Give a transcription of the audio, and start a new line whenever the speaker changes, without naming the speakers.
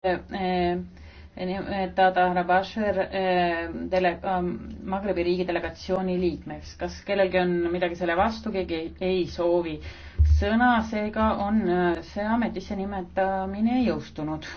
nimetada eh, eh, eh, härra Bashir dele-, ähm, Magrebi riigi delegatsiooni liikmeks. kas kellelgi on midagi selle vastu, keegi ei, ei soovi sõna, seega on äh, see ametisse nimetamine jõustunud